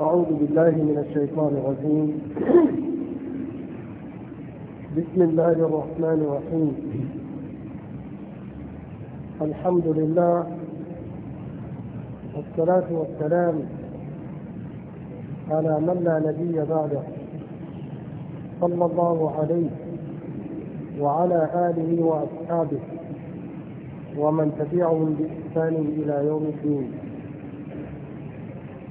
أعوذ بالله من الشيطان الرجيم بسم الله الرحمن الرحيم الحمد لله والصلاة والسلام على من لا نبي بعده صلى الله عليه وعلى آله وأصحابه ومن تبعهم بإحسان إلى يوم الدين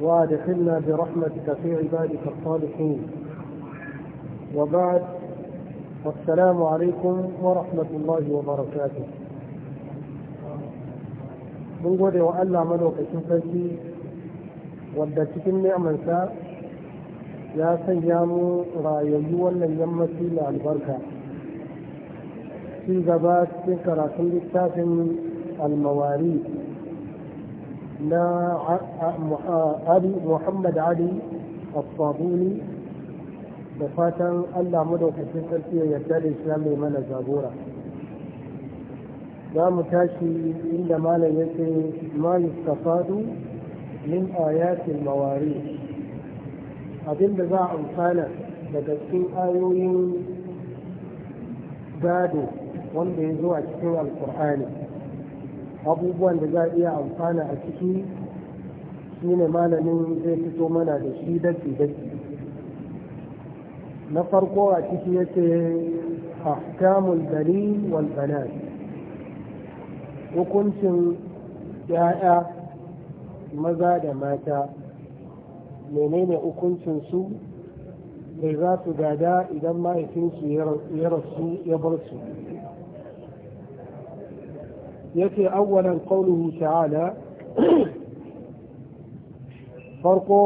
وادخلنا برحمتك في عبادك الصالحين وبعد والسلام عليكم ورحمة الله وبركاته من قد وألا من وقت فجي ودتك النعمة سا يا سيام رايي ولا يمتي لا البركة في غبات تكرا كل الموارد المواريث na ali muhammad ali al da fatan allah madaukakin sarki ya yarda da shi mai mana jagora za mu tashi inda malam ya ce ma yustafadu min ayatil maware. abinda za a amfana daga cikin ayoyin gado wanda ya zo a cikin alkur'ani abubuwan da za a iya amfana a ciki shi ne malamin zai fito mana da shi daki daki na farko a ciki yake ahkamul dali wal hukuncin ya'ya maza da mata menene hukuncin su bai za su gada idan mahaifinsu ya rasu ya bar su yace awwalan qawluhu ta'ala farko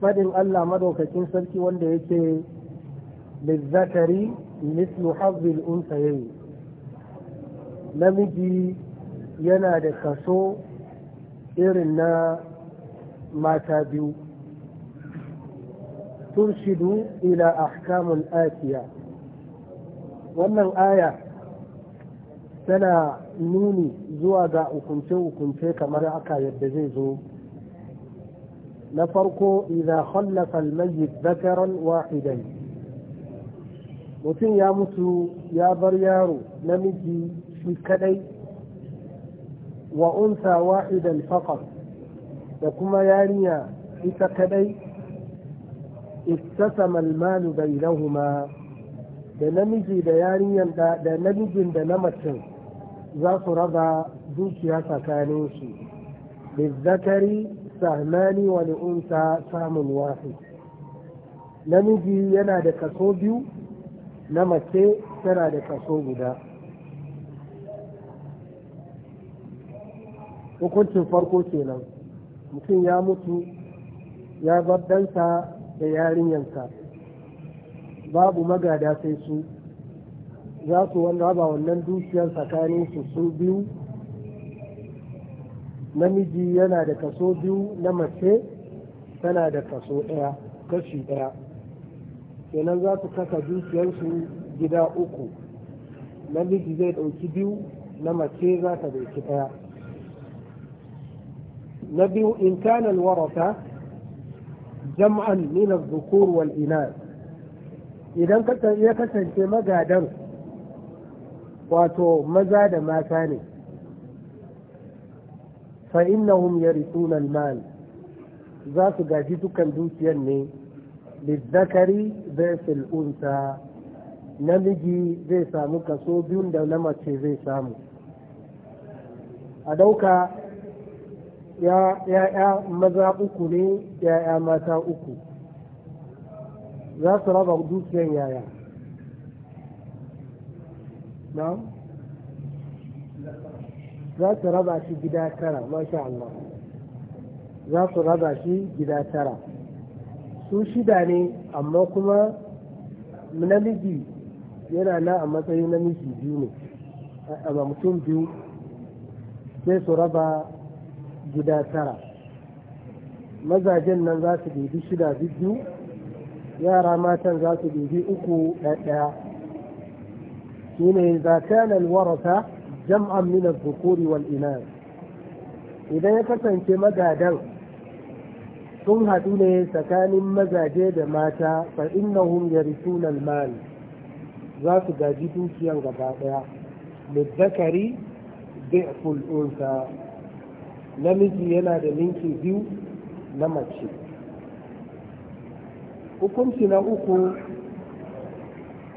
fadin Allah madaukakin sarki wanda yake lizzakari mislu hazzil unsayayn namiji yana da kaso irin na mata biyu tun shidu ila ahkamul atiya wannan aya tana nuni zuwa ga hukunce-hukunce kamar aka yadda zai zo na farko idan khallafa almayyit zakaran wahidan mutum ya mutu ya bar yaro namiji shi kadai wa unsa wahidan faqat da kuma yarinya ita kadai ittasama almalu bainahuma da namiji da yarinyan da namijin da na macin za su raba dukiya tsakanin su zakari sahmani wa unsa samun wahid namiji yana da kaso biyu na mace tana da kaso guda hukuncin farko kenan mutum ya mutu ya babbansa da yarinyansa babu magada sai su za su raba wannan dukiyar tsakanin su su biyu namiji yana da kaso biyu na mace tana da kaso ɗaya kashi ɗaya kenan za su kasa dukiyarsu gida uku namiji zai ɗauki biyu na mace za ta ɗauki ɗaya na biyu in kanan warata jam'an min adh-dhukur wal inath idan ya kasance magadan wato maza da mata ne fa innahum yarithuna al-mal za su gaji dukan dukiyar ne lizzakari versus unsa namiji zai samu kaso biyun da na mace zai samu a dauka ya'ya maza uku ne ya'ya mata uku za su raba dukiyar yaya na za su raba shi gida tara masha Allah za su raba shi gida tara su shida ne amma kuma namiji yana na a matsayin namiji biyu ne a mutum biyu sai su raba gida tara mazajen nan za su bibi shida biyu yara matan za su bibi uku ɗaya shine idza kana alwaratha jam'an min adh idan ya kasance magadan sun haɗu ne tsakanin mazaje da mata fa innahum yarithuna al-mal za su gaji dukiyan gaba daya lidhakari bi'ful unsa namiji yana da linki biyu na mace hukunci na uku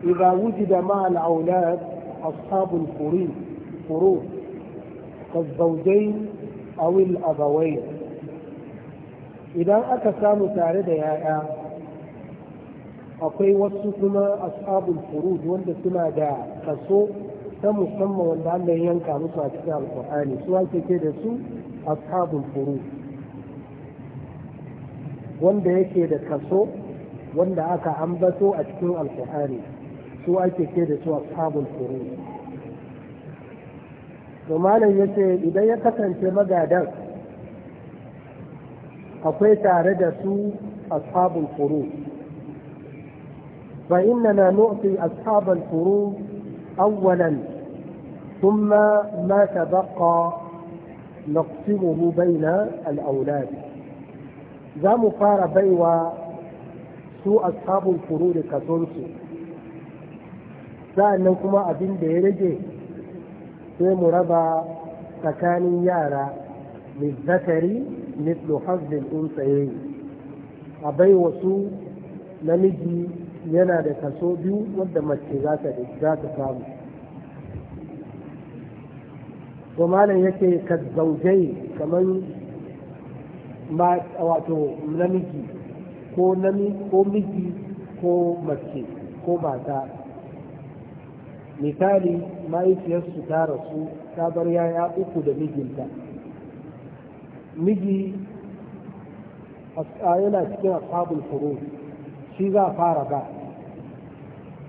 إذا وجد مع الأولاد أصحاب أ و الفروض كالزوجين أو الأبوين إذا ل أ ب و ي ن إ ذ ا أ ك ث ا م ت ا ر د ي ا ي ا اقي وصفنا أ ص ح ا ب الفروض و ا ن د سما داع كسوء تم سما و ا ن د ع ل ه ينكى نصف ا ل ك ت ا ا ل ق ر آ ن ي سؤال كيد سوء أ ص ح ا ب الفروض و ا ن د ي كيد كسوء و ا ن د أ ك ا عمبته اتكو ا ل ق ر su ake ce da su ashabul furu to malam ya ce idan ya kasance magadan akwai tare da su ashabul furu fa innana nu'ti ashabul furu awwalan thumma ma tabaqa نقسمه بين الأولاد za mu fara baiwa su ashabul fururi ka su nan kuma abin da ya rage sai mu raba tsakanin yara mai zakari mislu in tsaye a bai wasu namiji yana da kaso biyu wadda mace za ta samu to malam yake ka zaujai kamar wato namiji ko namiji ko miji ko mace ko mata misali ma'aikiyarsu ta rasu ta bar yaya uku da mijinta miji yana cikin ashabul furu shi za fara ba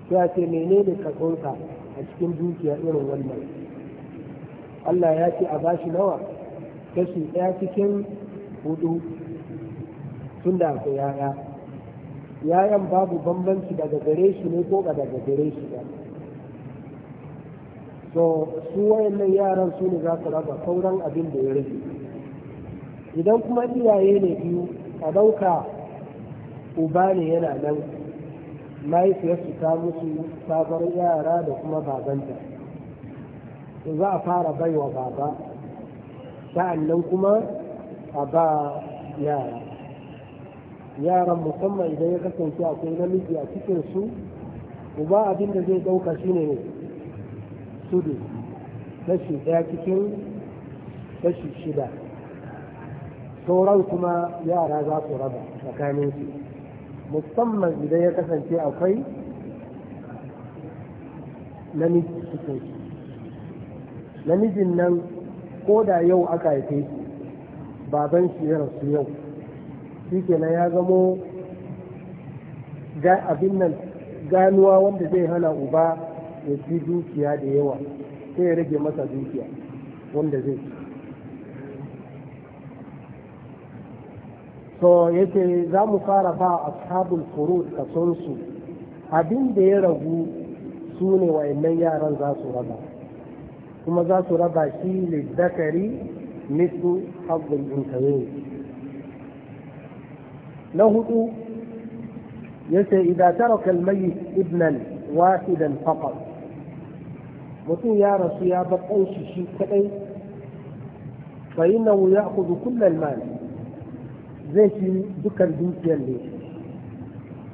ya ce menene katsonka a cikin dukiya irin wannan Allah ya ce a bashi nawa kashi ɗaya cikin hudu tun da yaya yayan babu bambanci daga gare shi ne ko daga gare shi to su wayannan yaran su ne za su raba sauran abin da ya rage idan kuma iyaye ne biyu a ɗauka uba ne yana nan mahaifiyarsu ta musu sabon yara da kuma babanta za a fara baiwa baba nan kuma a ba yara yaran musamman idan ya kasance akwai namiji a cikinsu uba abin da zai ɗauka shine ne tudu kashi ɗaya cikin kashi shida sauran kuma yara za su raba tsakanin su musamman idan ya kasance akwai namiji cikin su namijin nan ko da yau aka haife shi baban shi ya rasu yau shi kenan ya zamo abin nan ganuwa wanda zai hana uba ya dukiya da yawa sai ya rage masa dukiya wanda zai ci so yake za mu fara ba ashabul furut kasonsu abin da ya ragu su ne wa'annan yaran za su raba kuma za su raba shi ne zakari mislu hazzul intare na hudu yace idan taraka al-mayyit ibnan wahidan faqat mutum ya rasu ya bar ɗanshi shi kaɗai fa innahu ya'khudhu kullal mal zai ci dukkan dukiyar ne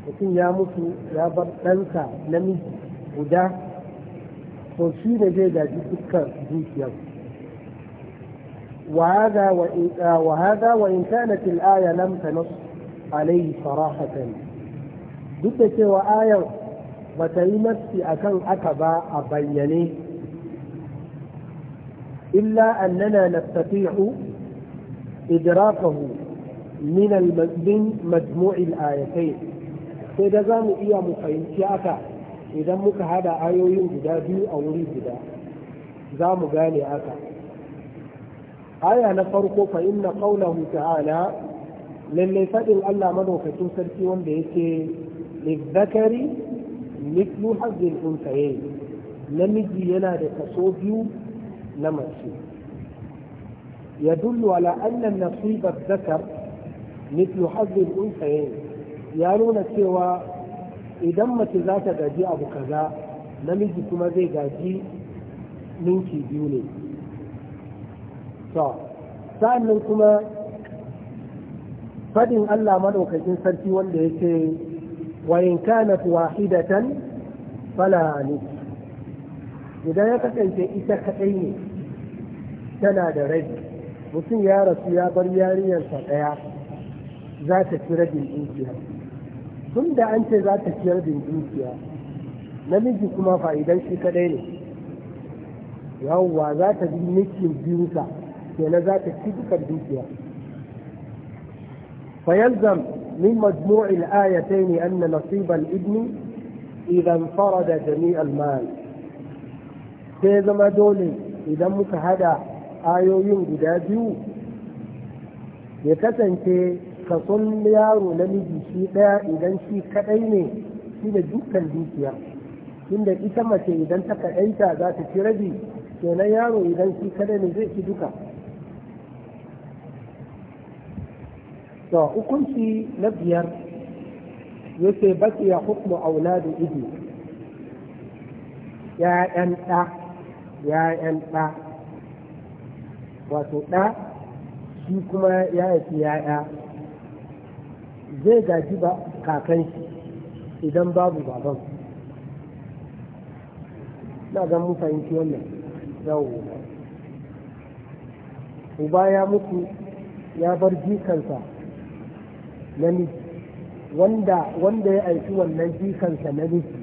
mutum ya mutu ya bar ɗansa namiji guda to shi ne zai gaji dukkan dukiyar وهذا وإن, وهذا وإن كانت الآية لم تنص عليه صراحة duk da cewa ayar ba ta yi nafsi a aka ba a bayyane إلا أننا نستطيع إدراكه من من مجموع الآيتين إذا زاموا إيا مفاين شاكا إذا مك هذا آيوين جدا بي أو لي جدا زاموا قاني آكا آية نفرق فإن قوله تعالى للي فدل ألا منه في سرسيون بيكي للذكر مثل حظ الأنثيين لم يجي ينا لتصوديو نمشي يدل على أن النصيب zakar مثل حظ الأنثيين يرون سوى إذا mace zata gaji abu kaza namiji kuma zai gaji ninki biyu ne to sa'annan kuma faɗin Allah madaukakin sarki wanda yake wa in kanat wahidatan fala nisfu idan ya kasance ita kaɗai ne tana da rai mutum ya rasu ya bar yarinyarsa ɗaya za ta ci rabin dukiya tun da an ce za ta ci rabin dukiya namiji kuma fa'idan shi kaɗai ne yawwa za ta bi mikin biyunsa kenan za ta ci dukkan dukiya فيلزم من مجموع الآيتين أن نصيب الابن إذا انفرد جميع المال sai zama dole idan muka hada ayoyin guda biyu ya kasance kason yaro namiji shi ɗaya idan shi kaɗai ne shi da dukkan dukiya inda ita mace idan ta kaɗaita za ta ci rabi kenan yaro idan shi kaɗai ne zai ci duka to hukunci na biyar yake baƙi ya hukmu da ido ya'yan ɗa ‘ya'yan ɗa wato ɗa shi kuma ya haifi ‘ya'ya zai gaji ba kakan shi idan babu baban na ga mun fahimci wannan yawo uba ya mutu ya bar jikansa namiji wanda ya aiki wannan jikansa namiji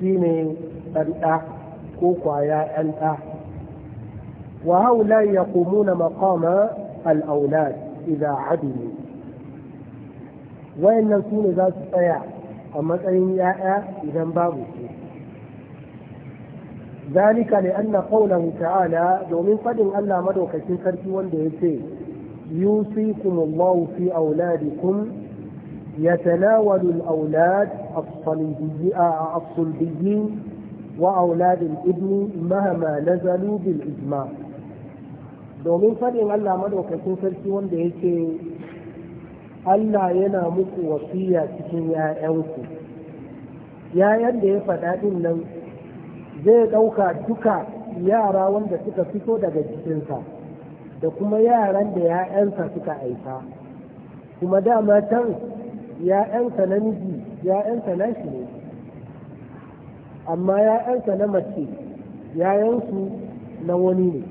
shine ɗan ɗa ko kwaya ɗan ɗa wa haula yaqumuna maqama al-aulad idza adilu wayannan su ne za su tsaya a matsayin ya'ya idan babu su ذلك لأن قوله تعالى ومن قدم ألا مدوك في كرتي وندي يوصيكم الله في أولادكم يتناول الأولاد الصليبيين وأولاد الابن مهما نزلوا بالإجماع domin faɗin Allah madaukakin sarki wanda yake Allah yana muku wasiya cikin ‘ya'yanku, ‘ya'yan da ya faɗa ɗin nan zai ɗauka duka yara wanda suka fito daga jikinsa da kuma yaran da ‘ya'yansa suka aika, kuma dama can ya'yansa namiji ya'yansa nashi ne amma ya'yansa na mace ya'yansu na wani ne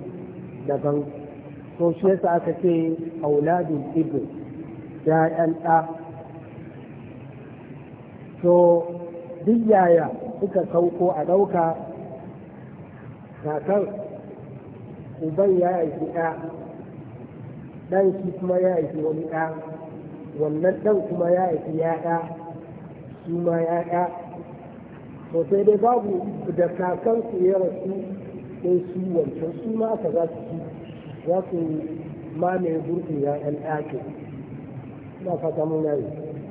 daban to shi yasa aka ce auladin ibn ya'yan ɗa to duk yaya suka sauko a ɗauka kakan uban ya aiki ɗa ɗan shi kuma ya aiki wani ɗa wannan ɗan kuma ya haifi yaɗa su ma yaɗa to sai dai babu da kakan su ya rasu sai su wancan su ma aka za su ci za su mamaye ya ɗan ɗakin ba fata mun yayi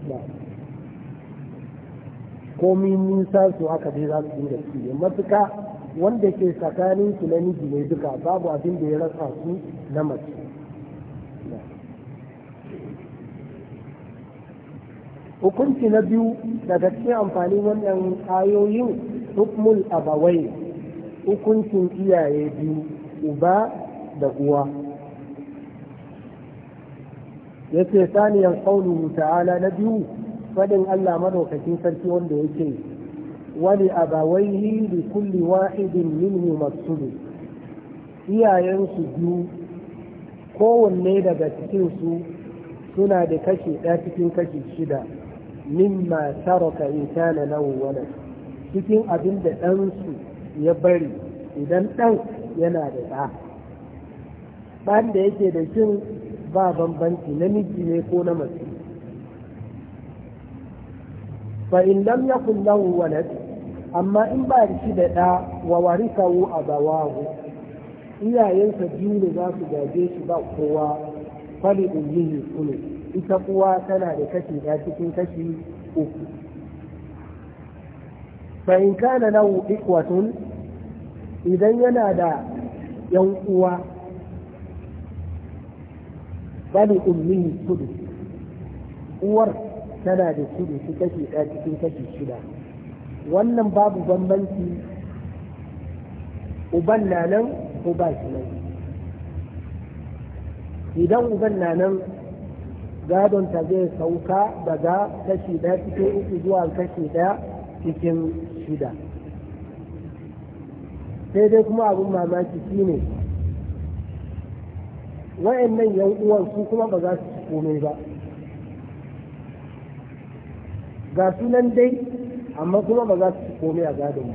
ba komi nisa su haka dai za su dinga ci matuka wanda ke tsakanin su na miji ne duka babu abin da ya rasa su na mace hukunci na biyu daga cikin amfanin wannan ayoyin hukmul abawai hukuncin iyaye biyu uba da uwa yace saniyar qauluhu ta'ala na biyu faɗin Allah madaukakin sarki wanda yake abawai abawaihi yi kulli wahidin minhu masu iyayen su biyu kowanne daga cikinsu, suna da kashi ɗaya cikin kashi shida mimma taraka in kana cikin abin da ɗansu ya bari idan ɗan yana da ɗa ɗan da yake da shin ba bambanci namiji ne ko na mace fa in lam yakun lahu walad amma in ba shi da ɗa wa a abawahu iyayensa biyu ne za su gaje shi ba kowa fali ummihi kullu ita uwa tana da kashi ɗaya cikin kashi uku fa in kana lahu ikwatun idan yana da yan uwa bani ummi kudu uwar tana da kudu su kashi ɗaya cikin kashi shida wannan babu bambanci uban na nan ko ba shi nan idan uban na nan gadonta zai sauka daga kashi ɗaya cikin uku zuwa kashi ɗaya cikin shida sai dai kuma abin mamaki shi ne wa'annan yan uwan su kuma ba za su komai ba ga sunan dai amma kuma ba za su komai a gadon ba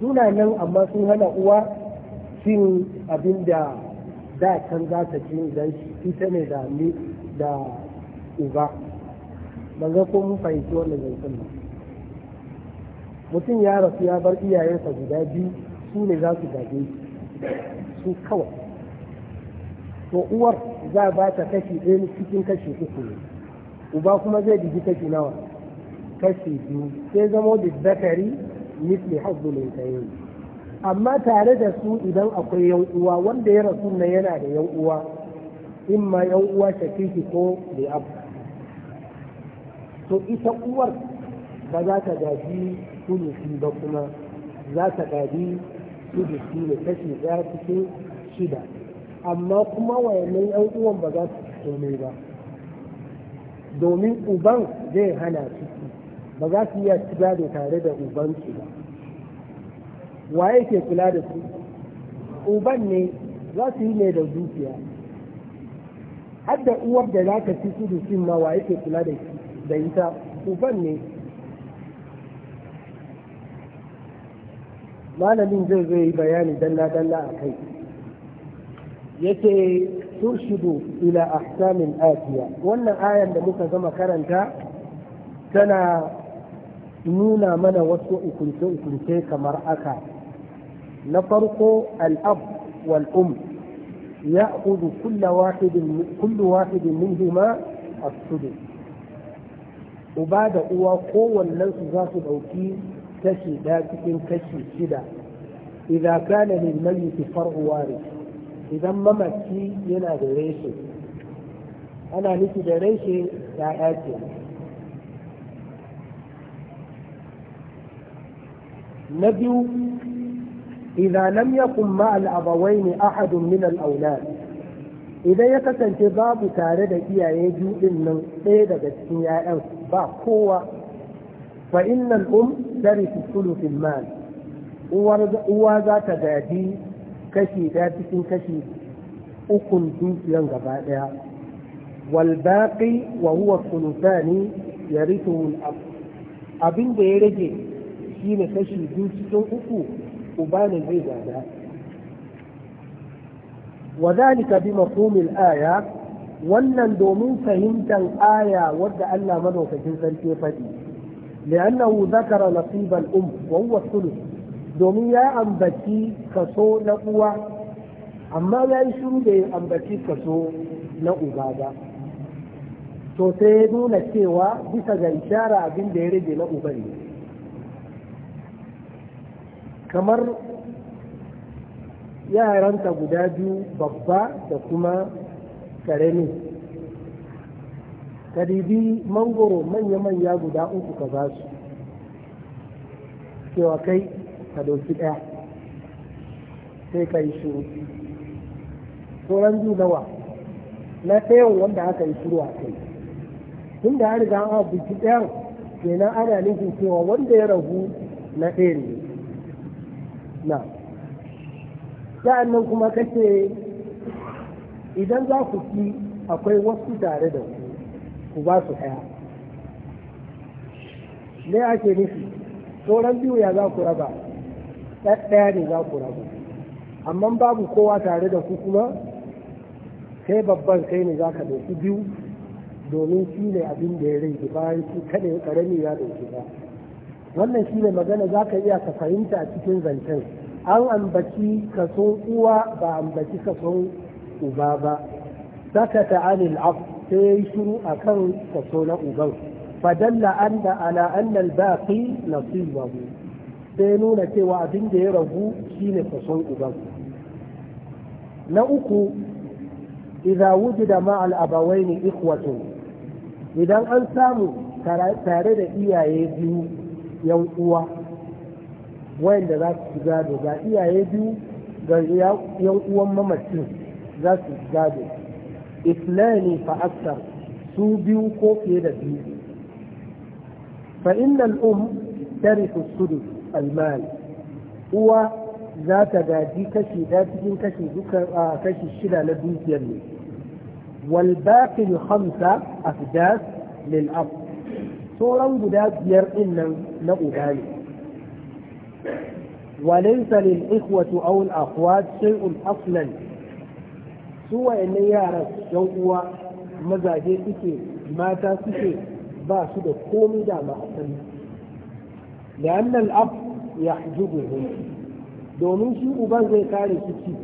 suna nan amma sun hana uwa cin abin da da can za ta ci dan ita ne da ni da uba ban ga ko mun fahimci wannan zancen ba mutum ya rasu ya bar iyayensa guda biyu su ne za su gaje su kawai to uwar za ba ta kashi ɗaya cikin kashi uku ne uba kuma zai digi kashi nawa kashi biyu sai zama da zakari misli mai kayan amma tare da su idan akwai yan uwa wanda ya rasu na yana da yan uwa in ma yan uwa fi ko da abu to ita uwar ba za ta gaji sulusi ba kuma za ta gaji sulusi ne kashi daya cikin shida amma kuma wayannan yan uwan ba za su komai ba domin uban zai hana ciki ba za su iya shiga da tare da su ba waye ke kula da su uban ne za su yi ne da zuciya hadda uwar da za ka ci da sin ma waye ke kula da ita uban ne malamin zai zai yi bayani dalla-dalla a kai yake turshidu ila ahkamin afiya wannan ayan da muka gama karanta tana nuna mana wasu ukunce-ukunce kamar aka نفرق الأب والأم يأخذ كل واحد كل واحد منهما السدس وبعد هو قوة لنسو ذات الأوكي كشي ذاتك كشي شدا إذا كان للميت فرع وارث إذا ممتي ينا دريشي أنا نتي دريشي يا آتي نبيو إذا لم يكن مع الأبوين أحد من الأولاد إذا يكسن باب تارد إيا يجو إنن إيدا جسن يا با قوة فإن الأم ترث ثلث المال uwa ta gadi kashi ɗaya cikin kashi ukun dukiyan gaba ɗaya والباقي وهو الثلثان يرثه الأب abin da ya rage shine kashi biyu cikin uku uba ne zai gada wa bi mafhumil aya wannan domin fahimtar aya wadda Allah madaukakin sarki faɗi li'annahu zakara nasibal um wa huwa thuluth domin ya ambaci kaso na uwa amma ya yi shiru da ya ambaci kaso na uba ba to sai ya nuna cewa bisa ga ishara abin da ya rage na uba ne kamar yaranta guda biyu babba da kuma karemi ka mangoro manya-manya guda uku ka za su cewa kai ka dauki ɗaya sai ka yi shuru sauran biyu nawa na tsayon wanda aka yi shuru a kai tun da an riga an abu ɗayan kenan ana nufin cewa wanda ya ragu na ɗaya ne na sa'an nan kuma kace idan za ku fi akwai wasu tare da ku ku ba su ɗaya me ake nufi sauran biyu ya za ku raba ɗaya ne za ku raba amma babu kowa tare da ku kuma sai babban kai ne za ka ɗauki biyu domin shi ne abin da ya rage bayan shi kaɗai ƙarami ya ɗauki ba wannan shi ne magana za ka iya ka fahimta a cikin zancen an ambaci kason uwa ba ambaci kason uba ba sakata anil af sai ya yi shiru a kan kaso na uban fadalla an da ala na baqi sai nuna cewa abin da ya ragu ne kason uban na uku idza da ma'al al abawaini ikhwatun idan an samu tare da iyaye biyu yan uwa wayanda za su gado ga iyaye biyu ga yan uwan mamacin za su gado isnani fa su biyu ko fiye da biyu fa innal um tarifu sudu almal uwa za ta gaji kashi ɗaya cikin kashi duka kashi shida na dukiyar ne wal hamsa a afdas lil sauran guda biyar ɗin nan na uba ne walaisa lil ikwatu aw al akhwat shay'un su wayannan yara yan uwa mazaje suke mata suke ba su da komai da ma asali da annal ab yahjubuhum domin shi uban zai kare su ci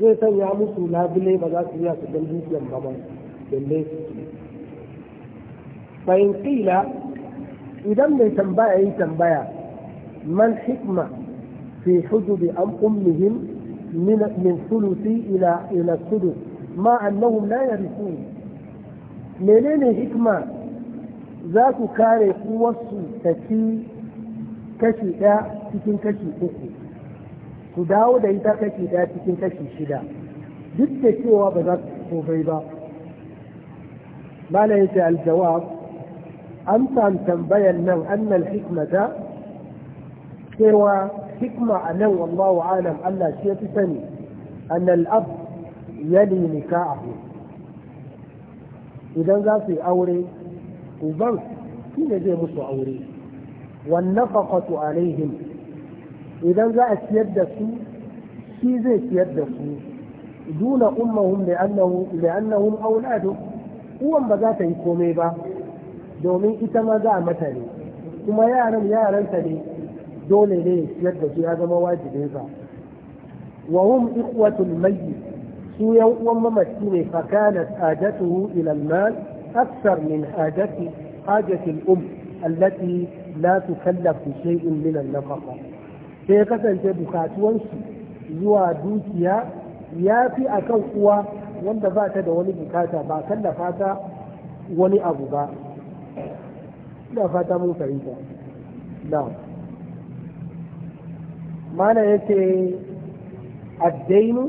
zai sanya musu labule ba za su iya su ɗan dukiyan ba ba فإن قيل إذا من تنبأ أي تنبأ ما الحكمة في حجب أمهم من من ثلث إلى إلى السدس مع أنهم لا يرثون منين حكمة ذات كاري قوة تكي كشي cikin kashi uku ku dawo da ita kashi ɗaya cikin kashi shida duk da cewa ba za su kofai ba mana yake aljawab amsan tambayan nan annal hikmata cewa hikma a nan wallahu alam Allah shi ya fi sani annal ab yali nika'ahu idan za su yi aure uban shi ne zai musu aure wannan faƙatu alaihim idan za a ciyar da su shi zai ciyar da su duna ummahum li'annahum auladun uwan ba za ta yi komai ba domin ita ma za a mata ne kuma yaran yaranta ne dole ne ciyar da su ya zama wajibinsa wa hum ikhwatul su yan uwan mamaci ne fa kanat hajatuhu ila al-mal akthar min hajati hajati al-um allati la tukallafu shay'in min an-nafaqa sai kasance bukatuwansu zuwa dukiya ya fi akan uwa wanda ba ta da wani bukata ba kallafa ta wani abu ba ina fata mun fahimta na mana yace addainu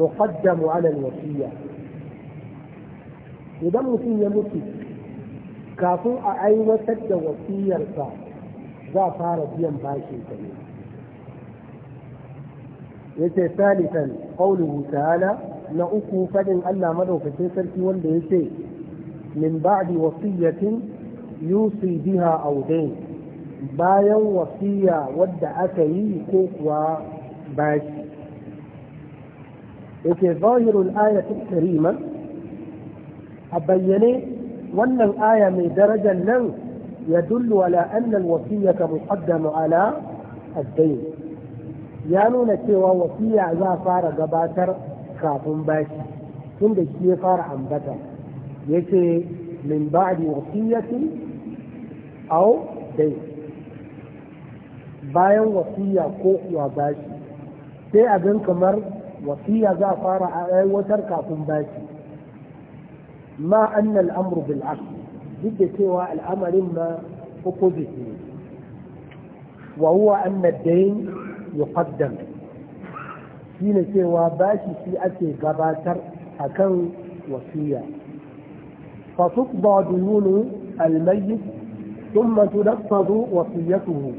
muqaddamu ala alwasiya idan mutum ya mutu kafin a aiwatar da wasiyarsa za a fara biyan bashin sa ne yace salisan qawluhu ta'ala na uku fadin Allah madaukakin sarki wanda ya ce min ba'di wasiyatin yusi biha audain bayan wasiya wadda aka yi ko kuwa bashi yake zahirul ayatul karima a bayyane wannan aya mai darajar nan ya dullu ala annal wasiyata muqaddamu ala addain ya nuna cewa wasiya za fara gabatar kafin bashi tun da shi ya fara ambata yake min ba'di wasiyatin au dai bayan wasiya ko wa bashi sai abin kamar wasiya za a fara a aiwatar kafin bashi ma annal amru bil duk da cewa al'amarin ma opposite ne wa huwa anna dayn yuqaddam shine cewa bashi shi ake gabatar akan wasiya fa tuqda dununu al-mayyit ثم تنفذ وصيته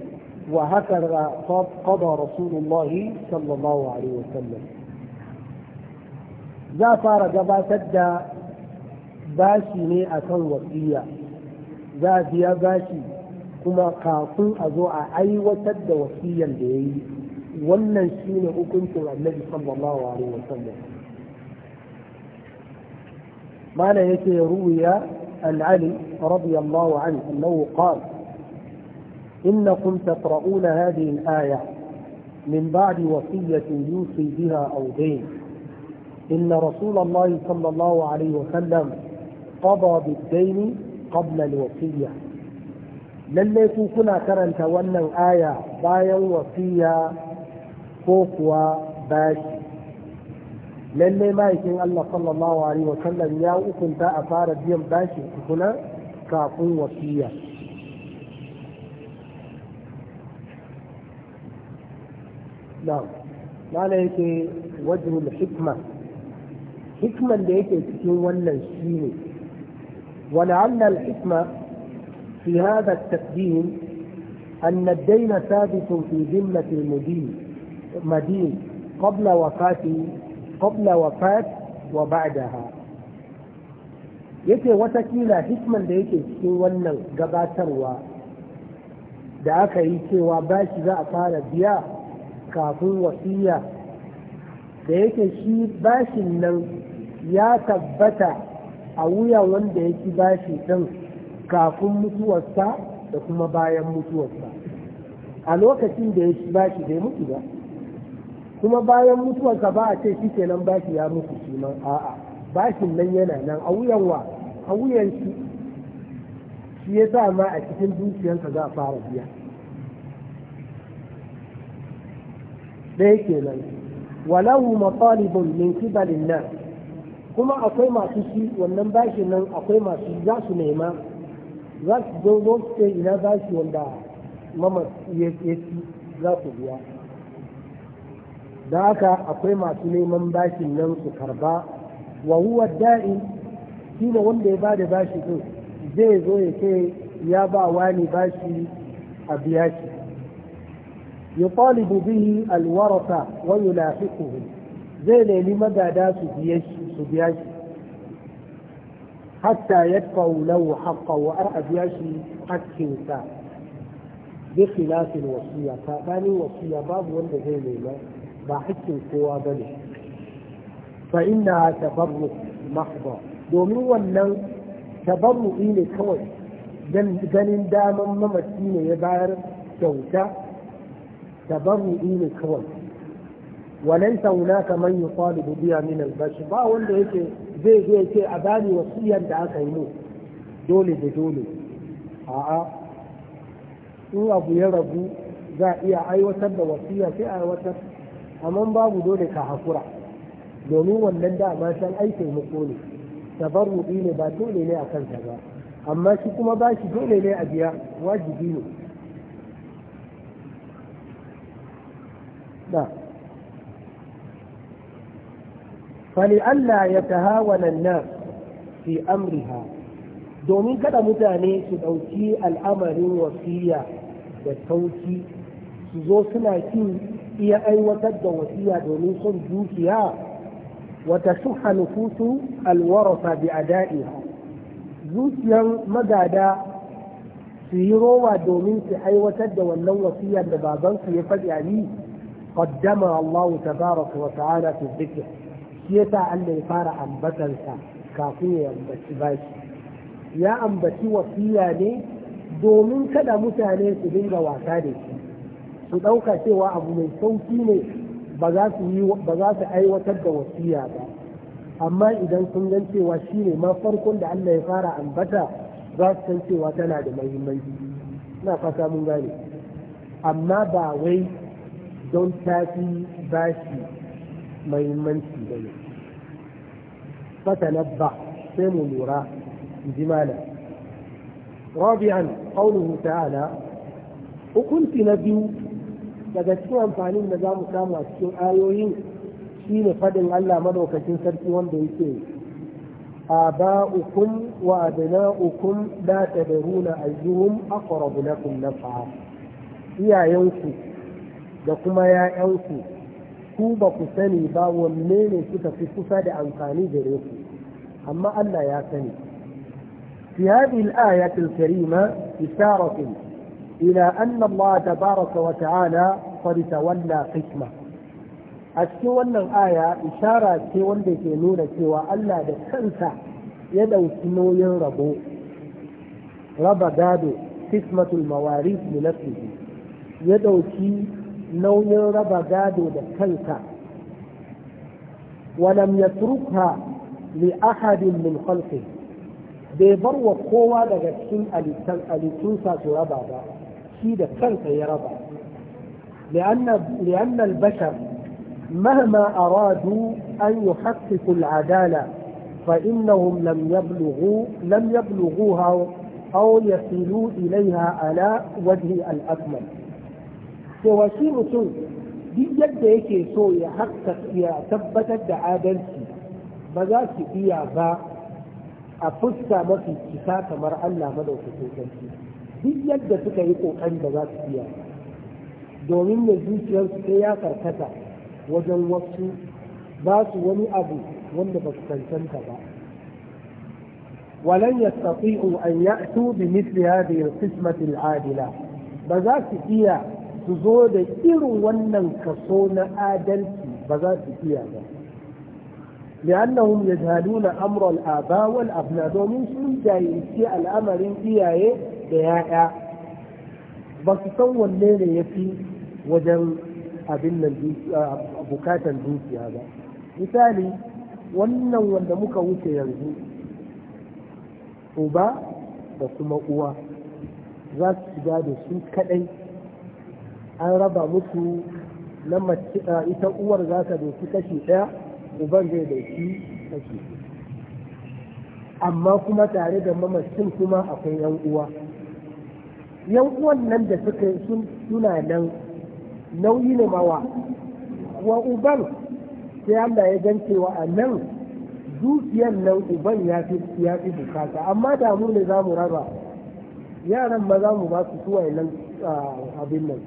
وهكذا قضى رسول الله صلى الله عليه وسلم za fara gabatar da bashi ne a kan wasiya za a biya bashi kuma kafin a zo a aiwatar da wasiyan da ya yi wannan shine ne hukuncin annabi sallallahu alaihi wasallam mana yake ruwiya عن علي رضي الله عنه أنه قال إنكم تقرؤون هذه الآية من بعد وصية يوصي بها أو دين إن رسول الله صلى الله عليه وسلم قضى بالدين قبل الوصية لن يكون kuna karanta wannan aya وصيه فوق ko lalle ma'aikin Allah sallallahu alaihi wa sallam ya hukunta a fara biyan bashi kuna kafin wasiya na'am mala yake wajhul hikma hikman da yake cikin wannan shine ولعل الحكمة في هذا التقديم أن الدين ثابت في ذمة المدين قبل وفاة qabla wafat wa ba'daha yake watakila hikman da yake cikin wannan gabatarwa da aka yi cewa bashi za a fara biya kafin wasiya da yake shi bashin nan ya tabbata a wuya wanda ya ci bashi ɗin kafin mutuwarsa da kuma bayan mutuwarsa a lokacin da ya ci bashi bai mutu ba kuma bayan mutuwarsa ba a ce shi kenan bashi ya mutu shi ma a'a bashin nan yana nan a wuyan wa a wuyan shi shi ya sa ma a cikin dukiyarsa za a fara biya ɗaya kenan walahu matalibun min kibalin nan kuma akwai masu shi wannan bashin nan akwai masu za su nema za su zo zo su ce ina bashi wanda mama ya ci za su biya da haka akwai masu neman bashin nan su karba wa huwa da'i shine wanda ya ba da bashi din zai zo ya ce ya ba wani bashi a biya shi ya talibu bihi alwarasa wa yulafiquhu zai magada su يطالب su biya shi hatta لي مدادا سبياش سبياش حتى يدفع له حقه وأرأى bi khilafin wasiya ta فأني wasiya babu wanda zai nema ba hakkin kowa ba ne fa ina tabarru mahba domin wannan tabarru'i ne kawai ganin daman mamaci ne ya bayar kyauta tabarru'i ne kawai walan tauna kamar yi kwalibu biya min albashi ba wanda yake zai zo ce a bani wasiyar da aka yi mu dole da dole a'a in abu ya rabu za a iya aiwatar da wasiya sai a aiwatar amma babu dole ka hakura domin wannan da ma san ai taimako ne tabarruɗi ne ba dole ne a kansa ba amma shi kuma ba shi dole ne a biya wajibi ne da فلئلا يتهاون الناس في أمرها domin kada mutane su ɗauki al'amarin wasiya da sauki su zo suna kin ya aiwatar da wasiya domin son dukiya wata shuha nufusu alwarasa daɗi ada'iha zuciyar magada su yi rowa domin su aiwatar da wannan wasiyar da babansu ya faɗi a yi qaddama Allah tabaraka wa ta'ala fi dhikr shi yasa Allah ya fara ambatansa kafin ya yambaci bashi ya ambaci wasiya ne domin kada mutane su dinga wasa da shi su ɗauka cewa abu mai sauki ne ba za su aiwatar da wasiya ba amma idan sun gan cewa shi ne ma farkon da Allah ya fara ambata za su san cewa tana da mahimmanci ina fata mun gane amma ba wai don tafi bashi mahimmanci ba ne fatanabba sai mu lura jimala rabi'an قوله ta'ala hukunci na biyu daga cikin amfanin da za mu samu a cikin shi shine faɗin Allah madaukakin sarki wanda yake آباؤكم وأبناؤكم لا تدرون أيهم أقرب لكم نفعا يا ينكو da kuma ‘ya'yanku ku ba ku sani ba wanne ne suka fi kusa da amfani gare ku amma Allah ya sani. fi hadhihi al-ayatil karima isharatun إلى أن الله تبارك وتعالى ta walla قسمه a cikin wannan aya ishara ce wanda ke nuna cewa Allah da kansa ya ɗauki nauyin rabo raba gado kismatul mawaris li nafsihi ya ɗauki nauyin raba gado da kanka. walam yatrukha li ahadin min khalqihi bai bar wa kowa daga cikin alitunsa su raba ba اكيد السلف هي رضا لان لان البشر مهما ارادوا ان يحققوا العداله فانهم لم يبلغوا لم يبلغوها او يصلوا اليها على وجه الاكمل فوشي مسلم دي يد يكي سو يحقق يثبت عدالته بذلك إياها أفسد ما في كتاب مرأة الله ملوك في كتابه duk yadda suka yi kokari da za su iya domin mai zuciyarsu ta ya karkata wajen wasu basu wani abu wanda ba su cancanta ba walan yastati'u an ya'tu bi mithli hadhihi al-qismati al ba za su iya su zo da irin wannan kaso na adalci ba za su iya ba لأنهم يجهلون أمر الآباء domin sun سنجا يسي الأمر إياه da ya'ya ba su san wanne ne ya fi wajen abin bukatan dukiya ba misali wannan wanda muka wuce yanzu uba da kuma uwa za su shiga da su kadai an raba musu na ita uwar za ka doki kashi ɗaya uban zai doki kashi amma kuma tare da mamacin kuma akwai yan uwa yan uwan nan da suka sun suna nan nauyi ne mawa wa uban sai Allah ya gan cewa a nan dukiyar nan uban ya fi ya fi bukata amma da mu ne za raba yaran ma za mu ba su suwa nan abin nan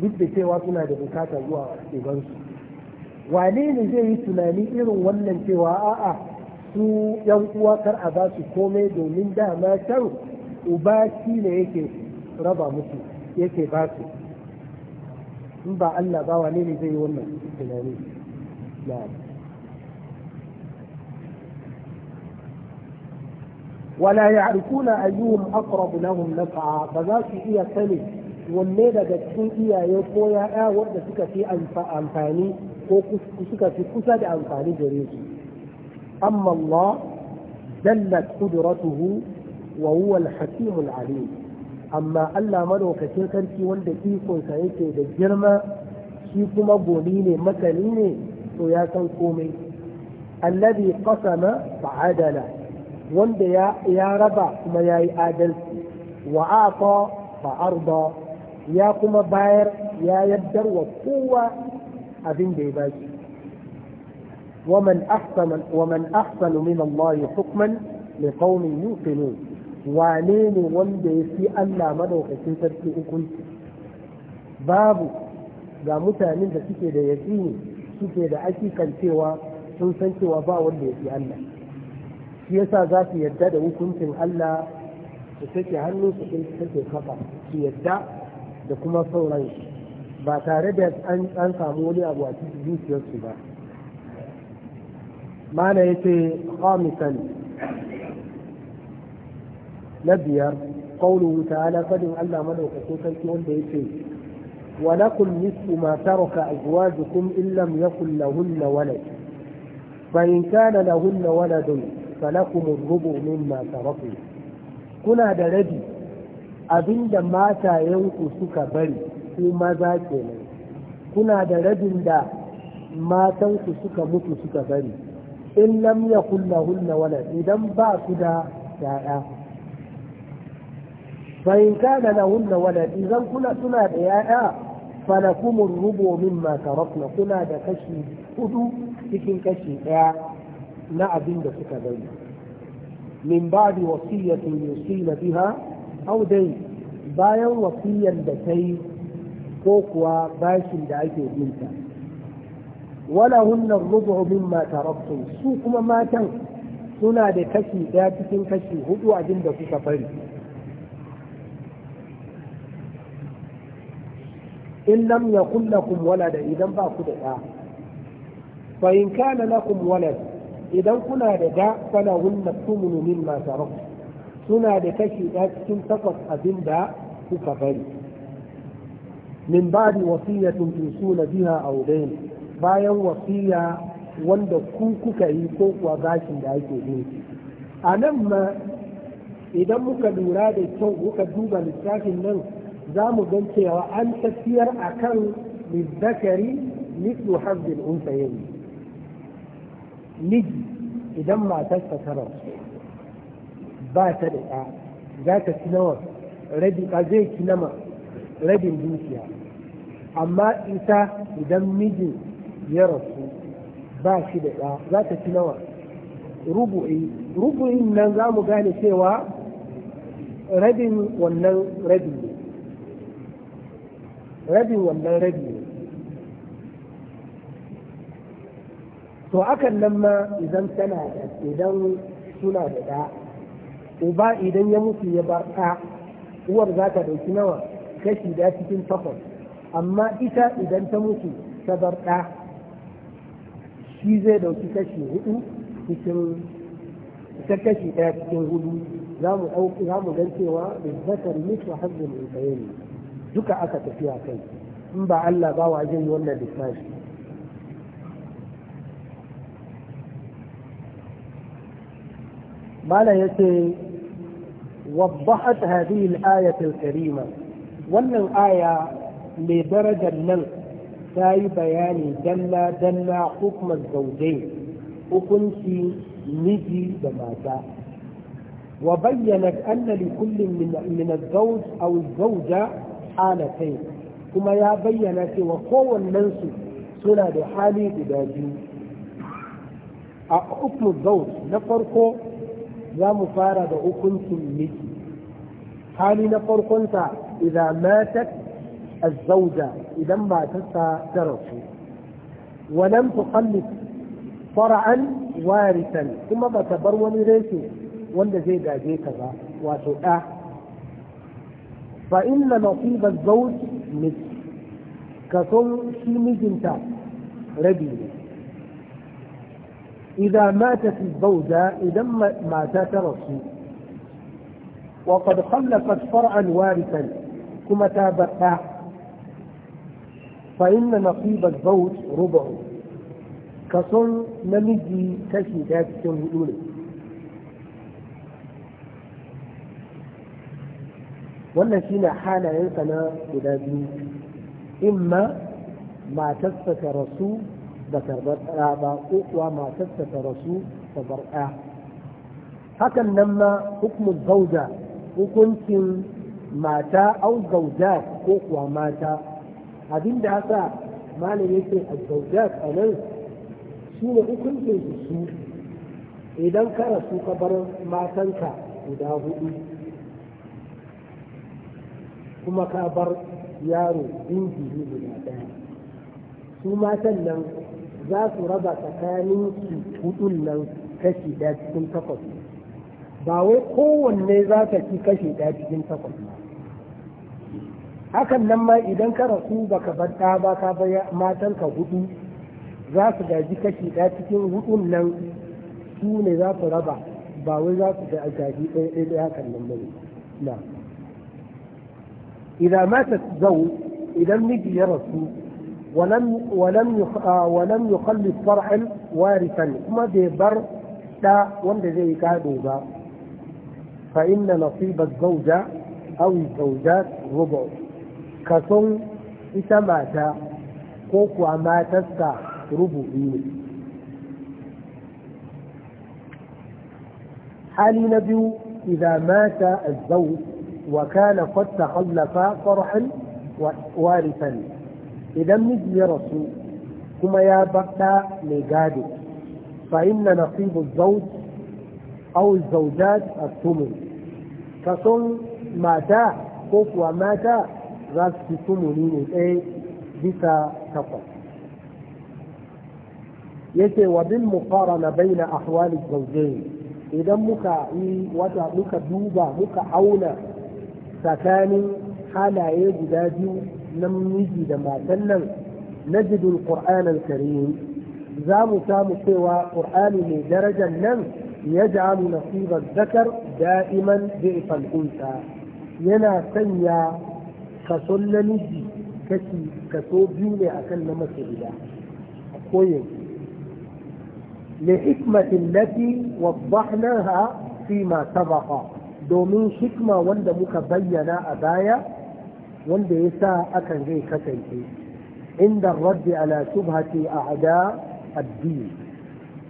duk da cewa suna da bukata zuwa uban su wane ne zai yi tunani irin wannan cewa a'a su yan uwa kar a ba su komai domin dama can uba shi ne yake raba musu yake ba su in ba Allah ba wane ne zai yi wannan tunani na'am wanne daga cikin iyaye ko ya'ya wanda suka fi amfani ko suka fi kusa da amfani gare su amma Allah dallat qudratuhu wa huwa al-hakim al-alim amma Allah madaukakin sarki wanda ikonsa yake da girma shi kuma goni ne makani ne to ya san komai allazi qasama fa'adala wanda ya ya raba kuma yi adalci wa aqa fa'arda ya kuma bayar ya yaddar wa kowa abin da ya baki ومن أحسن ومن أحسن من الله حكما لقوم يوقنون wane ne wanda ya fi Allah madaukakin sarki hukunci babu ga mutanen da suke da yaƙini suke da akikan cewa sun san cewa ba wanda ya fi Allah shi yasa za su yadda da hukuncin Allah su take hannu su take kafa su yadda da kuma sauran ba tare da an samu wani abu a cikin zuciyarsu ba mana yace khamisan na biyar wuta ta'ala sadin Allah madaukakin sarki wanda yake wa lakum nisfu ma taraka azwajukum in lam yakul lahunna walad fa in kana lahunna waladun falakum ar-rubu mimma taraku kuna da rabi abinda matayenku suka bari ku maza kenan kuna da rabin da matanku suka mutu suka bari in lam yakul lahunna walad idan ba su da ya'ya فإن كان لهن ولد إذا كنا سنا دياء فلكم الربع مما تركنا كنا دا كشي هدو cikin kashi ɗaya na abin da suka bari min ba da wasiyyatin yusina biha au dai bayan wasiyyan da ta yi ko kuwa bashin da ake binta wala hunna rubu mimma taraktum su kuma matan suna da kashi ɗaya cikin kashi hudu abin da suka bari in lam yakun lakum walada idan ba ku da ɗa fa in kana lakum walad idan kuna da da fala hunna tumunu mimma taraktu suna da kashi ɗaya cikin takwas abin da kuka bari min ba'di wasiyatin tusuna biha aw dayn bayan wasiya wanda ku kuka yi ko kuwa gashin da ake yi a nan ma idan muka lura da kyau muka duba littafin nan za mu gan cewa an tafiyar a kan lizzakari mislu hazzin unsa yayi miji idan matarsa ta rasu ba ta da ɗa za ta ci nawa rabi ba zai ci nama rabin dukiya amma ita idan mijin ya rasu ba shi da ɗa za ta ci nawa rubu'i rubu'in nan za mu gane cewa rabin wannan rabin ne rabin wannan rabi ne to akan nan ma idan tana da idan suna da ɗa uba idan ya mutu ya bar ɗa uwar za ta ɗauki nawa kashi da cikin takwas amma ita idan ta mutu ta bar ɗa shi zai ɗauki kashi hudu cikin ta kashi ɗaya cikin hudu za mu gan cewa da zakar mutu hazin ne duka aka tafiya kai in ba Allah ba wa yi wannan lissafi malam yace وضحت هذه الآية karima wannan aya mai darajar nan ta yi bayani dalla-dalla hukumar zaujai hukunci miji da mata wa bayyana anna li kullum min az-zawj aw az-zawja kai kuma ya bayyana cewa kowannensu suna da hali guda biyu a hukumar zaus na farko za mu fara da hukuncin miki hali na farkonta idan matat الزوجة إذا ما تترك ولم waritan kuma bata bar wani ريسي wanda zai gaje ka ba wato ɗa فإن نصيب الزوج مثل كثم في مجنتا ربي إذا ماتت الزوجة إذا ماتت رسي وقد خلقت فرعا وارثا كما تابعها فإن نصيب الزوج ربع كثم نمجي كشي ذات wannan shine halayensa na guda biyu imma matarsa ta rasu da karɓar ɗaya ba ko kuwa matarsa ta rasu da bar ɗaya hakan nan ma hukumin zauja hukuncin mata au ko kuwa mata abinda haka malam yake a zauja a nan shi ne hukuncin su idan ka rasu ka bar matanka guda hudu kuma ka bar yaro jinjiri guda ɗaya su matan nan za su raba tsakanin su hudun nan kashi ɗaya cikin takwas ba wai kowanne za ka ci kashi ɗaya cikin takwas ba hakan nan ma idan ka rasu baka bar ɗa ba ka bar matan ka hudu za su gaji kashi ɗaya cikin hudun nan su ne za su raba ba wai za su gaji ɗaya ɗaya hakan nan ba ne إذا مات الزوج إذا يجي يرسو ولم ولم يخ... آه، ولم يخلف الفرع وارثا ما ثم بر دا وند زي كادو فإن نصيب الزوجة أو الزوجات ربع كسون إتا ماتا كوكو أماتستا ربعين حالي نبيو إذا مات الزوج وكان قد تخلف فرحا وارثا إذا مثل رسول ثم يا بكتا لقاد فإن نصيب الزوج أو الزوجات الثمن فصل ماتا قف وماتا راس في ثمنين إيه بسا تقف يتي وبالمقارنة بين أحوال الزوجين إذا مكا إيه وتا مكا دوبا مكا أولى tsakanin halaye guda biyu na miji da matan nan na qur'an al-karim za mu samu cewa qur'ani mai darajar nan ya ja'alu nasibar zakar da'iman bi'fal unsa yana sanya kason namiji kashi kaso biyu ne akan na mace guda koyaushe لحكمة التي وضحناها فيما سبق domin hikma wanda muka bayyana a baya wanda ya sa akan zai kasance inda raddi ala subhati a ada addini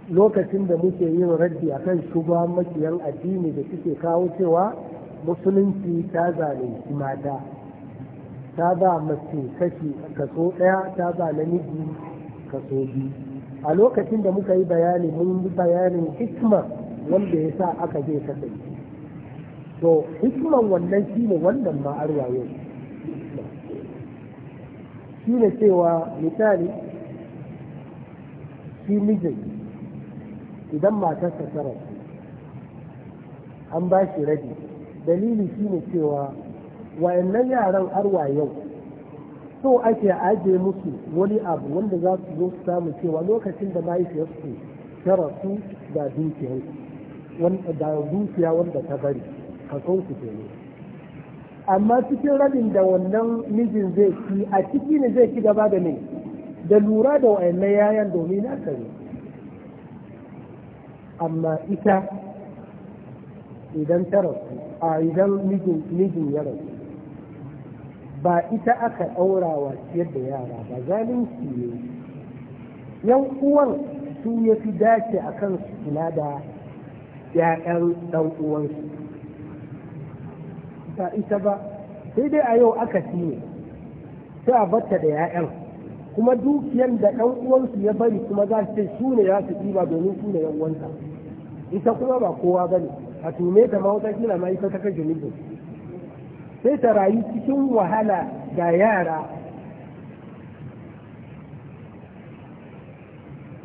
lokacin da muke yin raddi akan shuba makiyan addini da suke kawo cewa musulunci ta zalunci mata ta ba mace kashi kaso ɗaya ta ba namiji kaso biyu a lokacin da muka yi bayani mun yi bayanin hikma wanda ya sa aka zai kasance to hikman wannan shi ne wannan ma arwaye shi ne cewa misali shi mijin idan matarsa ta rasu an ba shi rabi dalili shi ne cewa nan yaran arwayen so ake aje musu wani abu wanda za su zo su samu cewa lokacin da mahaifiyarsu ta rasu da dukiyar da dukiya wanda ta bari kason ku ne amma cikin rabin da wannan mijin zai ci a ciki ne zai ci gaba da ne da lura da wa'annan yayan domin na kare amma ita idan ta rasu a idan mijin ya rasu ba ita aka ɗaura wa ciyar da yara ba zalunci ne yan uwan su ya fi dace a kan su da 'ya'yan ɗan uwansu ba ita ba sai dai a yau aka siye sai a da 'ya'yan kuma dukiyan da ɗan uwansu ya bari kuma za su ce su ne za su ɗiba domin su ne ɗan uwanta ita kuma ba kowa ba ne a tume ta ma wata kila ma ita ta kai mijin sai ta rayu cikin wahala ga yara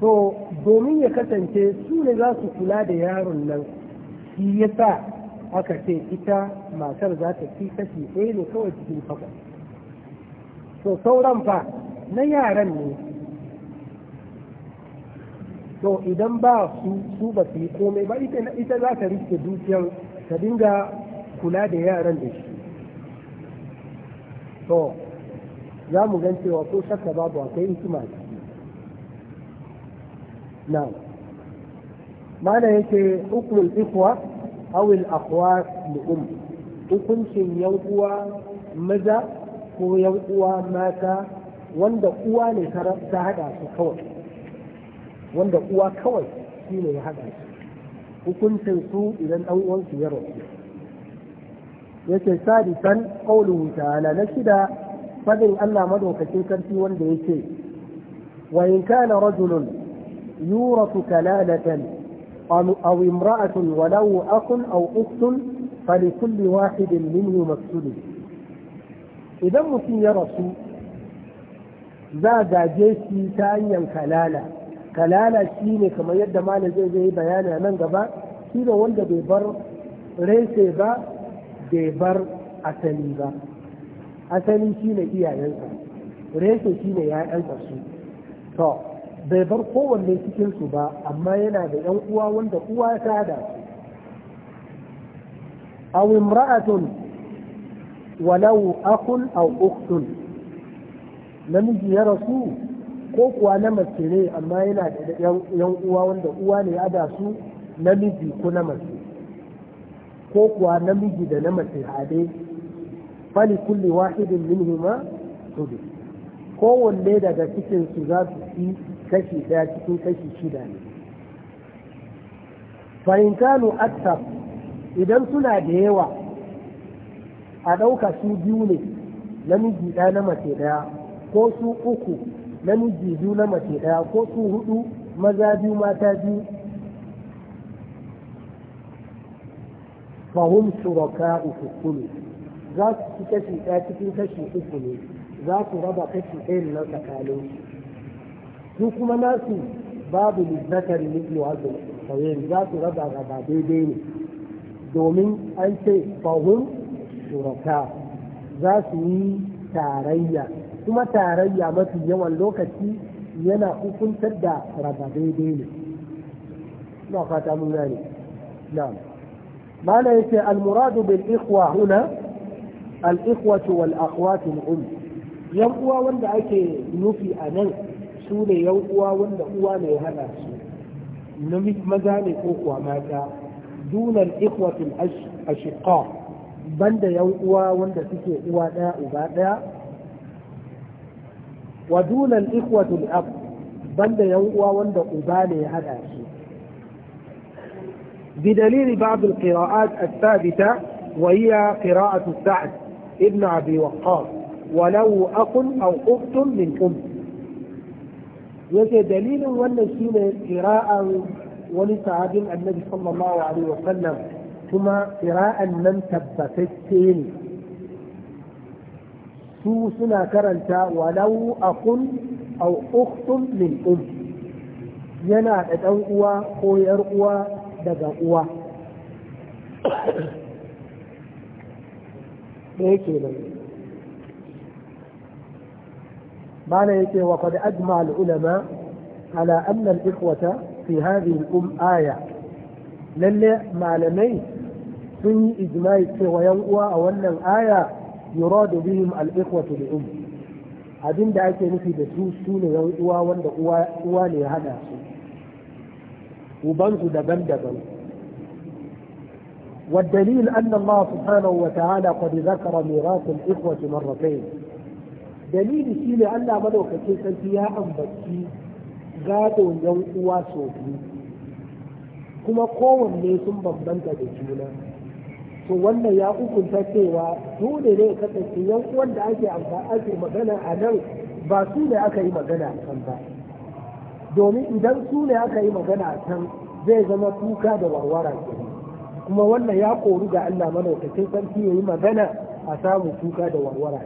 to domin ya kasance su ne za su kula da yaron nan shi ya aka ce ita matar za ta ci kashi ɗaya ne kawai cikin takwas to sauran fa na yaran ne to idan ba su su ba su yi komai ba ita za ta rike dukiyar ta dinga kula da yaran da shi to za mu gan cewa ko shakka babu akwai hikima na mana yake hukumul ikwa awil akhwa li'um hukuncin yan uwa maza ko yan uwa mata wanda uwa ne ta hada su kawai wanda uwa kawai shi ya hada su hukuncin su idan ɗan uwansu ya rasu yace sadisan qawluhu ta'ala na shida faɗin Allah madaukakin karfi wanda yake wa in kana rajulun yuratu kalalatan أو امرأة وله أخ أو أخت فلكل واحد منه مكسوده إذا مسلم يا رسول za a gaje shi ta hanyar kalala kalala shi ne kamar yadda malam zai yi bayani nan gaba shi ne wanda bai bar rese ba bai bar asali ba asali shi ne iyayensa rese shi ne ya'yansa su to bai bar kowanne cikin su ba amma yana da yan uwa wanda uwa ta da su aw imra'atun walau akun aw ukhtun namiji ya rasu ko kuwa na mace ne amma yana da yan uwa wanda uwa ne ya da su namiji ko na mace ko kuwa namiji da na mace hade fali kulli wahidin minhuma tudu kowanne daga cikin su za su fi. kashi ɗaya cikin kashi shida ne fahimtanu aktar idan suna da yawa a ɗauka su biyu ne namiji ɗaya na mace ɗaya ko su uku namiji biyu na mace ɗaya ko su hudu maza biyu mata biyu fahim shuraka uku kulu. za su ci kashi ɗaya cikin kashi uku ne za su raba kashi ɗaya na tsakaninsu su kuma nasu babu lizzakar nufi wato sauyin za su raba raba daidai ne domin an ce fahun suraka za su yi tarayya kuma tarayya mafi yawan lokaci yana hukuntar da raba daidai ne na fata mun gane na'am mana yace almuradu bil ikhwa huna al-ikhwatu wal akhwatu al-um yan uwa wanda ake nufi a nan su ne yan uwa wanda uwa ne ya hada su maza ne ko kuwa mata dunan ikwatin ashiqa banda yan uwa wanda suke uwa daya uba daya wa dunan ikwatin ab banda yan uwa wanda uba ne ya hada su بدليل بعض القراءات الثابتة وهي قراءة سعد ابن أبي وقاص ولو أخ أو أخت من أم yace dalilin wannan shine qira'an wani sahabin annabi sallallahu alaihi wa sallam kuma qira'an nan tabbatacce ne su suna karanta walau akun au ukhtun min um yana da dan uwa ko yar uwa daga uwa ɗaya معنى يكي وقد أجمع العلماء على أن الإخوة في هذه الأم آية لان معلمي في إجماع السوى ينقوى أو أن الآية يراد بهم الإخوة لأم أدين دعيك نفي بسو سون ينقوى وأن أقوى لهذا وبنز دبن دبن والدليل أن الله سبحانه وتعالى قد ذكر ميراث الإخوة مرتين dalili shi ne Allah madaukakin sarki ya ambaci gadon yan uwa sau kuma kowanne sun bambanta da juna to wannan ya hukunta cewa dole ne kasance yan uwan da ake ake magana a nan ba su ne aka yi magana a kan ba domin idan su ne aka yi magana a can zai zama tuka da warwara kuma wannan ya kori ga Allah madaukakin sarki ya yi magana a samu tuka da warwara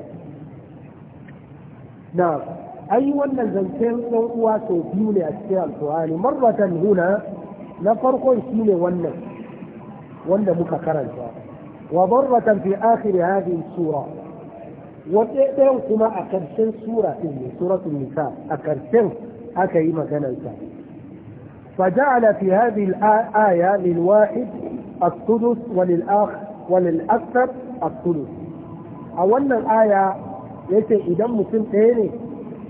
نعم أي وأن الزنتين هو توفيون أشياء القرآن مرة هنا نفرق سين ون ون مكرر ومرة في آخر هذه السورة وتأتيهم كما أكرشن سورة سورة النساء أكرشن أكي مكان فجعل في هذه الآية للواحد الثلث وللآخر وللأكثر الثلث أولا الآية yace idan mutum ɗaya ne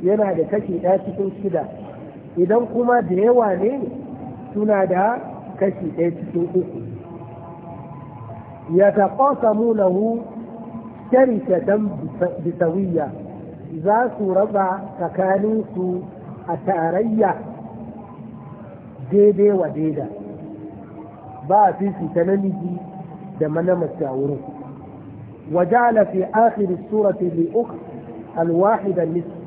yana da kashi ɗaya cikin shida idan kuma da yawa ne suna da kashi ɗaya cikin uku ya yataqasamunahu dan bisawiyya za su raba tsakaninsu a tarayya daidai wa daida ba a fifita namiji da manamace a wurinsu وجعل في آخر السورة لأخت الواحدة النصف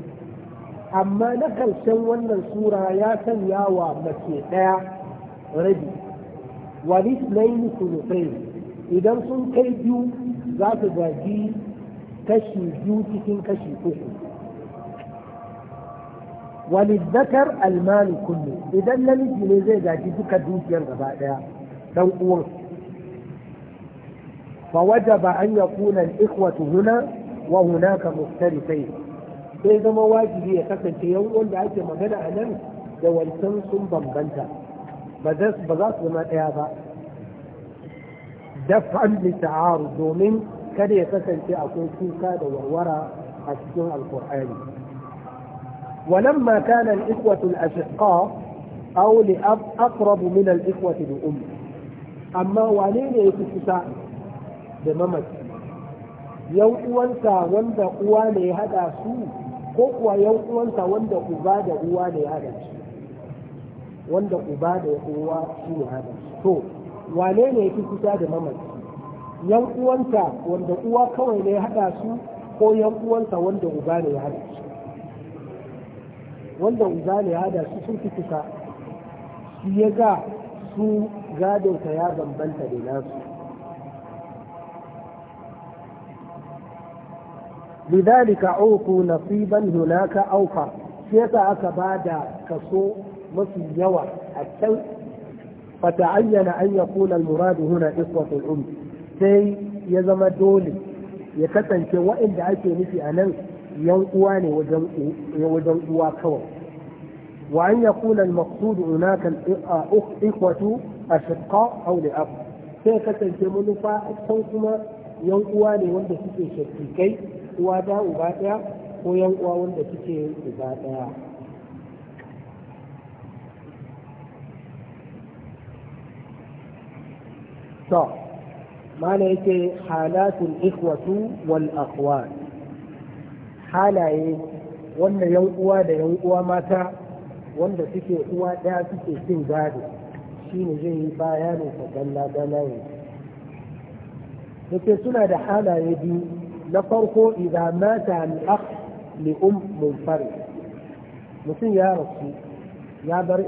amma na karshen wannan sura ya sanya wa mace ɗaya rabi wa lisnaini sulusai idan sun kai biyu za su gaji kashi biyu cikin kashi uku walizzakar almani kullu idan namiji ne zai gaji duka dukiyar gaba ɗaya dan uwan فوجب أن يكون الإخوة هنا وهناك مختلفين إذا ما واجب هي تكن في يوم وانبعاد ما قال أعلم دو السنسم بمبنتا بذات بذات وما تيابا دفعا لتعارض من كان يتسل في أكون سوكا دو ورا أسجن القرآن ولما كان الإخوة الأشقاء أو أقرب من الإخوة الأم أما وليل يتسل da mamaci yan uwansa wanda uwa ne ya hada su ko kuwa yan uwansa wanda uba da uwa ne ya hada su wanda uba da uwa shi ne hada to wane ne ya fi kusa da mamaci yan uwansa wanda uwa kawai ne ya hada su ko yan uwansa wanda uba ne ya hada su wanda uba ne ya hada su sun fi kusa shi ya ga su gadonsa ya bambanta da nasu lidhalika auku nasiban hunaka auka shi yasa aka bada kaso mafi yawa a can fata'ayyana an yakuna al-murad huna ikhwatul um sai ya zama dole ya kasance waɗanda ake nufi a nan yan uwa ne wajen uwa kawai wa an yakuna al-maqsud hunaka ikhwatu ashqa aw li'ab sai kasance manufa can kuma yan uwa ne wanda suke shakkikai uwa da uba ɗaya ko yan uwa wanda suke uba ɗaya to mana yake halatun ikhwatu wal akhwat halaye wanda yan uwa da yan uwa mata wanda suke uwa ɗaya suke cin gado shine zai yi bayanin ta dalla dalla yake suna da halaye biyu na farko idan mata al-akh li um mutum ya rasu ya bar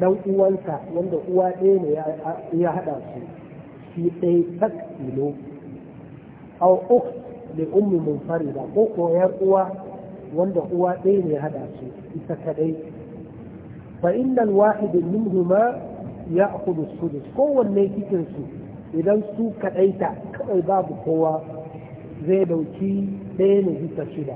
ɗan uwanta wanda uwa ɗaya ne ya haɗa su shi ɗaya tak ilo aw ukht li um munfarida ko ko yar uwa wanda uwa ɗaya ne ya haɗa su ita kadai fa innal wahid minhuma ya'khudhu as-sudus kowanne cikin su idan su kadaita kawai babu kowa zai dauki ɗaya ne bisa shida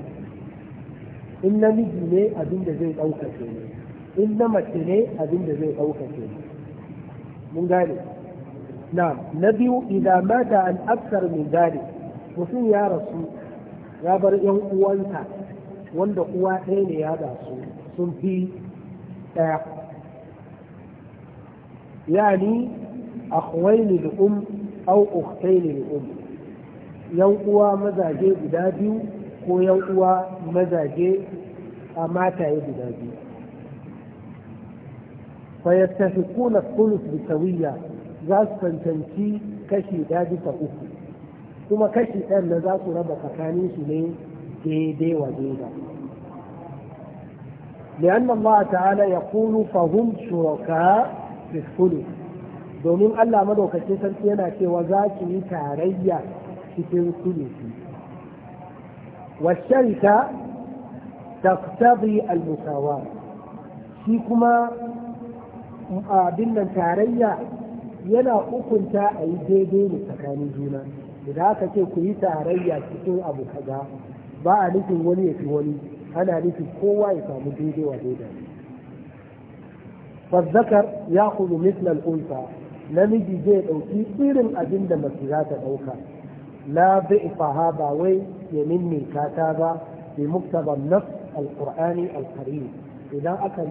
in namiji ne abin da zai ɗauka ke ne in na mace ne abin da zai ɗauka ke ne mun gane na na biyu idan mata an aksar mun gane mutum ya rasu ya bar yan uwanta wanda uwa ɗaya ne ya su sun fi ɗaya yani akhwaini li um au ukhtaini li um yan uwa mazaje guda biyu ko yan uwa mazaje a mataye guda biyu fayastahiquna thuluth bi sawiyya za su tantanci kashi da bisa uku kuma kashi ɗan da za su raba tsakanin su ne daidai wa daidai لأن الله تعالى يقول فهم شركاء في الثلث domin Allah madaukacin sarki yana cewa za ki yi tarayya تمثله والشركة تقتضي المساواة فيكما بمن تاريا ينا أكن تا أي دي دي متكاني جونا إذا كتو كي تاريا كتو أبو كدا باع نفي ولي في ولي أنا نفي قوة يقام دي دي فالذكر يأخذ مثل الأنثى لم يجي جيد أو كي إيرم أجندة مسيحات الأوكار لا بئس هذا وي يمني كاتابا بمقتضى النص القرآني القريب إذا أكل